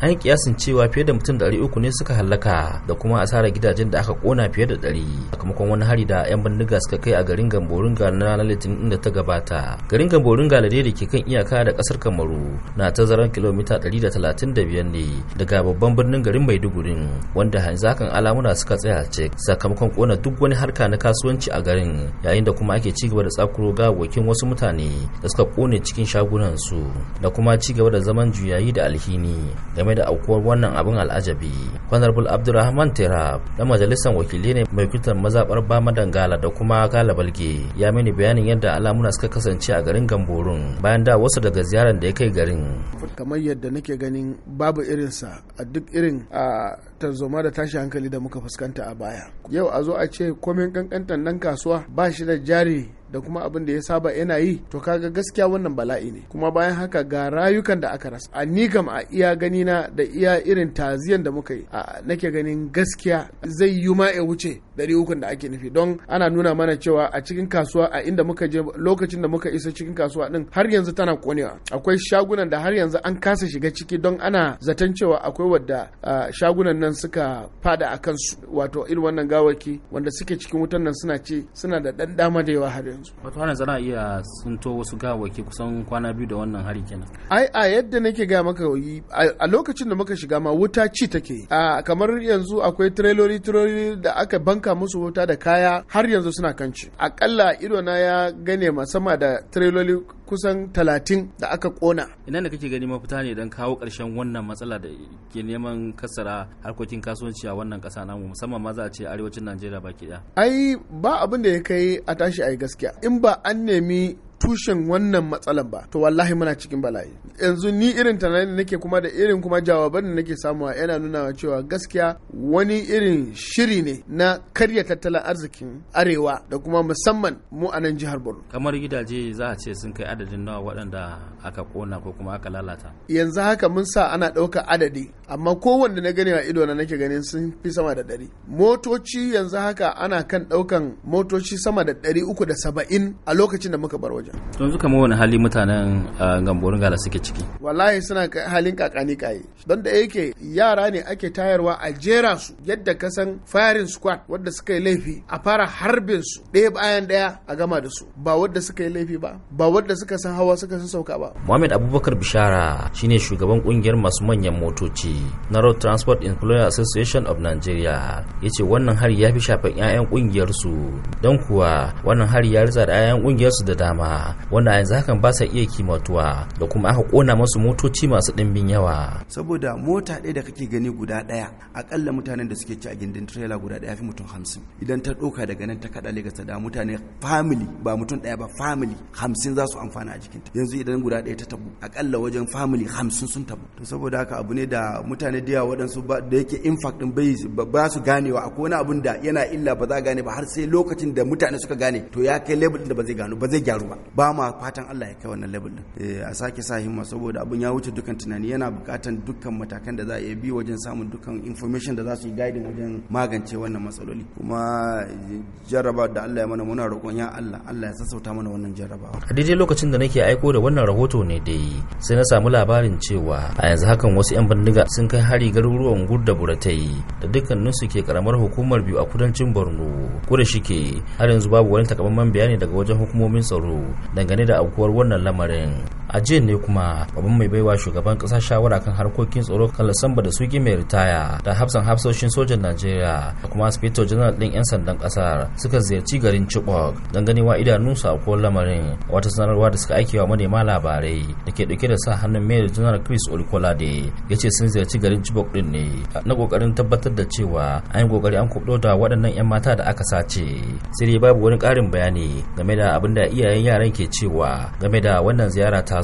an yi kiyasin cewa fiye da mutum ɗari uku ne suka hallaka da kuma asarar gidajen da aka kona fiye da ɗari sakamakon wani hari da 'yan bindiga suka kai a garin gamboringa na ranar litinin da ta gabata garin gamboringa da da ke kan iyaka da kasar kamaru na tazaran kilomita da biyar ne daga babban birnin garin maiduguri wanda yanzu hakan alamuna suka tsaya cek sakamakon kona duk wani harka na kasuwanci a garin yayin da kuma ake ci gaba da tsakuro gawakin wasu mutane da suka kone cikin shagunan su da kuma ci gaba da zaman juyayi da alhini game da aukuwar wannan abin al'ajabi honorable abdulrahman terab na majalisar wakili ne mai fitar mazaɓar bama dangala da kuma gala balge ya mini bayanin yadda alamuna suka kasance a garin gamborun bayan da wasu daga ziyarar da ya kai garin kamar yadda nake ganin babu irinsa a duk irin a tarzoma da tashi hankali da muka fuskanta a baya yau a zo a ce komin kankantan nan kasuwa ba shi da jari da kuma abin da ya saba yana yi to kaga gaskiya wannan bala'i ne kuma bayan haka ga rayukan da aka rasa a ni a iya gani na da iya irin taziyan da muka yi nake ganin gaskiya zai yi ma ya wuce dari ukun da ake nufi don ana nuna mana cewa a cikin kasuwa a inda muka je lokacin da muka isa cikin kasuwa din har yanzu tana konewa akwai shagunan da har yanzu an kasa shiga ciki don ana zaton cewa akwai wadda shagunan nan suka fada a kansu wato irin wannan gawaki wanda suke cikin wutan nan suna ce suna da dan dama da yawa har yanzu wato ana zana iya sunto wasu gawaki kusan kwana biyu da wannan hari kenan ai a yadda nake ga maka a lokacin da muka shiga ma wuta ci take a kamar yanzu akwai tireloli tireloli da aka banka banka musu wuta da kaya har yanzu suna kanci akalla idona ya gane ma sama da tireloli kusan talatin da aka kona ina da kake gani mafita ne don kawo ƙarshen wannan matsala da ke neman kassara harkokin kasuwanci a wannan ƙasa namu musamman ma za a ce arewacin najeriya baki ɗaya ai ba abin da ya kai a tashi a yi gaskiya in ba an nemi tushen wannan matsalan ba to wallahi muna cikin bala'i yanzu ni irin tunanin da nake kuma da irin kuma jawaban da nake samuwa yana nuna cewa gaskiya wani irin shiri ne na karya tattalin arzikin arewa da kuma musamman mu a nan jihar Borno kamar gidaje za a ce sun kai adadin nawa waɗanda aka kona ko kuma aka lalata yanzu haka mun sa ana ɗauka adadi amma kowanne na gani a ido na nake ganin sun fi sama da ɗari motoci yanzu haka ana kan ɗaukan motoci sama da ɗari uku da saba'in a lokacin da muka bar wajen suka mawa wani hali mutanen gamborin gala suke ciki wallahi suna halin kakani kaye don da yake yara ne ake tayarwa a jera su yadda ka san firing squad wadda suka yi laifi a fara harbin su ɗaya bayan ɗaya a gama da su ba wadda suka yi laifi ba ba wadda suka san hawa suka san sauka ba muhammad abubakar bishara shine shugaban kungiyar masu manyan motoci na road transport employer association of nigeria ya ce wannan hari ya fi shafin 'ya'yan kungiyar su don kuwa wannan hari ya ritsa da 'ya'yan kungiyar su da dama wanda a yanzu hakan ba sa iya kimatuwa da kuma aka kona masu motoci masu ɗimbin yawa saboda mota ɗaya da kake gani guda ɗaya akalla mutanen da suke ci a gindin trailer guda ɗaya fi mutum hamsin idan ta ɗauka daga nan ta kaɗa Legas da mutane family ba mutum ɗaya ba family hamsin za su amfana a jikinta yanzu idan guda ɗaya ta tabu akalla wajen family hamsin sun tabu to saboda haka abu ne da mutane da yawa waɗansu da yake impact ɗin bai ba su ganewa akwai wani abun da yana illa ba za gane ba har sai lokacin da mutane suka gane to ya kai level da ba zai gano ba zai gyaru ba ba ma fatan Allah ya kai wannan level din eh, a sake sa himma saboda abun ya wuce dukkan tunani yana bukatan dukkan matakan da za a iya bi wajen samun dukkan information da za su yi guiding wajen magance wannan matsaloli kuma eh, jaraba da Allah ya mana muna roƙon ya Allah Allah ya sassauta mana wannan jaraba a daidai lokacin da nake aiko da wannan rahoto ne dai sai na samu labarin cewa a yanzu hakan wasu yan bindiga sun kai hari garuruwan gurda buratai da dukkaninsu ke karamar hukumar biyu a kudancin Borno ko da shike har yanzu babu wani takamaiman bayani daga wajen hukumomin tsaro dangane da aukuwar wannan lamarin a jiya ne kuma babban mai baiwa shugaban kasa shawara kan harkokin tsoro kan lasamba da suke mai ritaya da hafsan hafsoshin sojan najeriya da kuma sufeto general din yan sandan kasar suka ziyarci garin chibok don ganewa idanunsu a kowar lamarin wata sanarwa da suka aike wa manema labarai da ke dauke da sa hannun mai general chris olikolade ya ce sun ziyarci garin chibok din ne na kokarin tabbatar da cewa an yi kokari an kubdo da waɗannan yan mata da aka sace sai dai babu wani ƙarin bayani game da abin da iyayen yaran ke cewa game da wannan ziyara ta